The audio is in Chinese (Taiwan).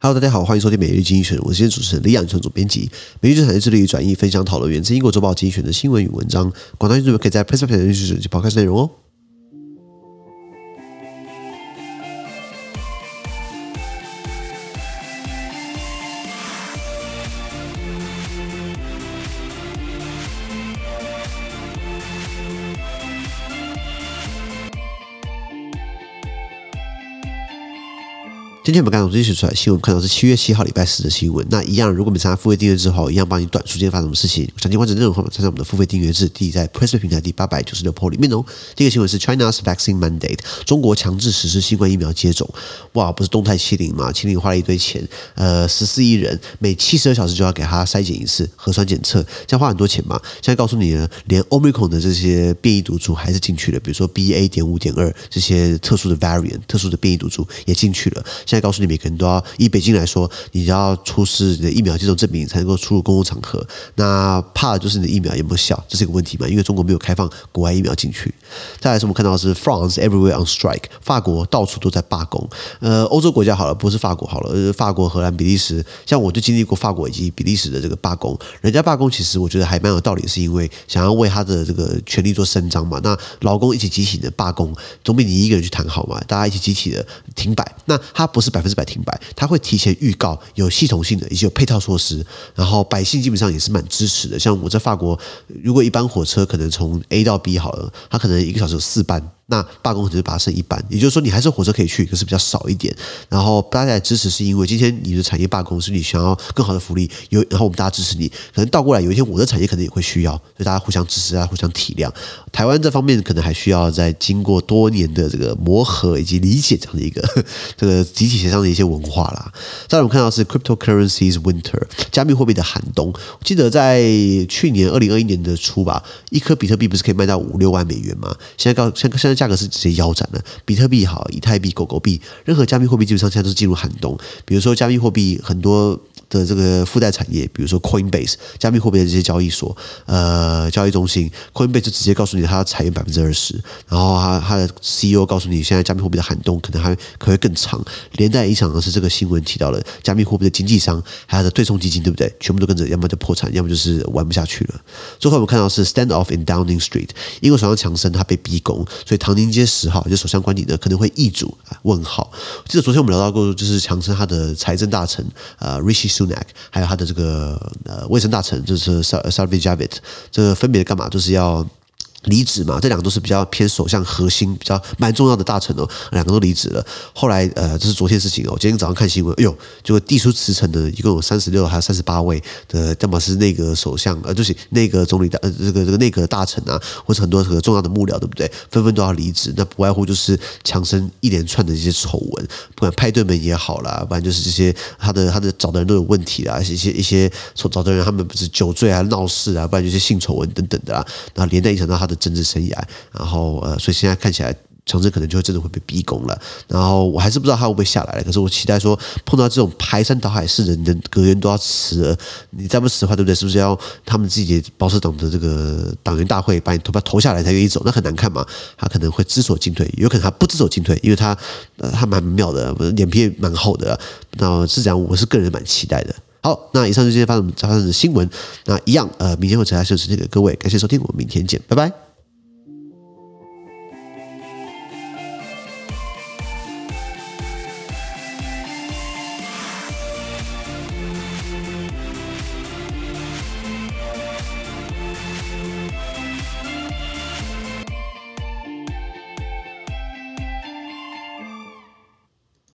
Hello，大家好，歡迎收聽每日一經濟學人。我是今天主持人 Leon，總編輯。每日一經濟學人致力於轉譯、分享、討論源自英國《周報》經濟學人的新聞與文章。廣大聽眾們可以在 PressPlay 區點開始內容哦。今天我們剛從最新取出來新聞，看到是七月七號禮拜四的新聞。那一樣，如果你參加付費訂閱之後，一樣幫你短時間發生什麼事情。我想金完注內容方法，參加我們的付費訂閱是第一在 PressPlay 平台第八百九十六 po 裡面。內容第一個新聞是 China's vaccine mandate，中國強制實施新冠疫苗接種。哇，不是動態清零嘛？清零花了一堆錢，呃，十四億人每七十二小時就要給他篩檢一次核酸檢測，這樣花很多錢嘛？現在告訴你呢，連 Omicron 的這些變異毒株還是進去了，比如說 BA. 點五點二這些特殊的 variant、特殊的變異毒株也進去了。現告訴你，每個人都要，以北京來說，你只要出示你的疫苗接種證明才能夠出入公共場合。那怕的就是你的疫苗有沒有效，這是一個問題嘛？因為中國沒有開放國外疫苗進去。再來，是我們看到是 France everywhere on strike，法國到處都在罷工。呃，歐洲國家好了，不是法國好了，而、呃、是法國、荷蘭、比利時。像我就經歷過法國以及比利時的這個罷工。人家罷工其實我覺得還蠻有道理，是因為想要為他的這個權利做伸張嘛。那勞工一起集體的罷工，總比你一個人去談好嘛？大家一起集體的停擺，那他不是百分之百停擺，他會提前預告，有系統性的一些配套措施，然後百姓基本上也是蠻支持的。像我在法國，如果一班火車可能從 A 到 B 好了，它可能一個小時有四班。那罷工只是把它剩一半，也就是說你還是火車可以去，可是比較少一點。然後大家支持是因為今天你的產業罷工，是你想要更好的福利。有然後我們大家支持你，可能倒過來有一天我的產業可能也會需要，所以大家互相支持，啊，互相體諒。台灣這方面可能還需要再經過多年的這個磨合以及理解這樣的一個這個集體協商的一些文化啦。再來我們看到的是 cryptocurrencies winter 加密貨幣的寒冬。記得在去年二零二一年的初吧，一顆比特幣不是可以賣到五六萬美元嗎？現在高像像。現在價格是直接腰斬的，比特幣好，以太幣、狗狗幣，任何加密貨幣基本上現在都是進入寒冬。比如說，加密貨幣很多。的這個附帶產業，比如說 Coinbase 加密貨幣的這些交易所、呃交易中心，Coinbase 就直接告訴你它要裁員百分之二十，然後它它的 CEO 告訴你現在加密貨幣的寒冬可能還可會更長。連帶影響的是這個新聞提到了加密貨幣的經紀商，還有它的對沖基金，對不對？全部都跟着，要麼就破產，要麼就是玩不下去了。最後我們看到是 Stand-off in Downing Street，英國首相強森他被逼宮，所以唐寧街十號就首相官邸呢可能會易主啊？問號。記得昨天我們聊到過，就是強森他的財政大臣啊、呃、Rishi 還有他的這個呃衛生大臣，就是 Sajid Javid 這個分別幹嘛？就是要離職嘛，這兩個都是比較偏首相核心，比較蠻重要的大臣哦，兩個都離職了。後來呃，這是昨天的事情哦，今天早上看新聞，哎呦，這個遞出辭呈的一共有三十六，還有三十八位的，要、呃、麼是內閣首相，呃，就是內閣總理的，呃，這個這個內閣大臣啊，或是很多很多重要的幕僚，對不對？紛紛都要離職，那不外乎就是強森一連串的一些醜聞，不管派對門也好啦，不然就是這些他的他的找的人都有問題啦，而且一些一些所找的人他們不是酒醉啊、鬧事啊，不然就是性醜聞等等的啊，那連帶影響到他。的政治生涯，然後呃，所以現在看起來，強森可能就真的會被逼宮了。然後我還是不知道他會不會下來了。可是我期待說，碰到這種排山倒海式人，人格人都要辭，你再不辭的話，對不對？是不是要他們自己保守黨的這個黨員大會把你投票投下來才願意走？那很難看嘛。他可能會知所進退，有可能他不知所進退，因為他、呃、他蠻妙的，臉皮也蠻厚的。那是這樣，我是個人蠻期待的。好、哦，那以上就是今天發生發生的新聞。那一樣，呃，明天會再繼續呈現給各位。感謝收聽，我們明天見，拜拜。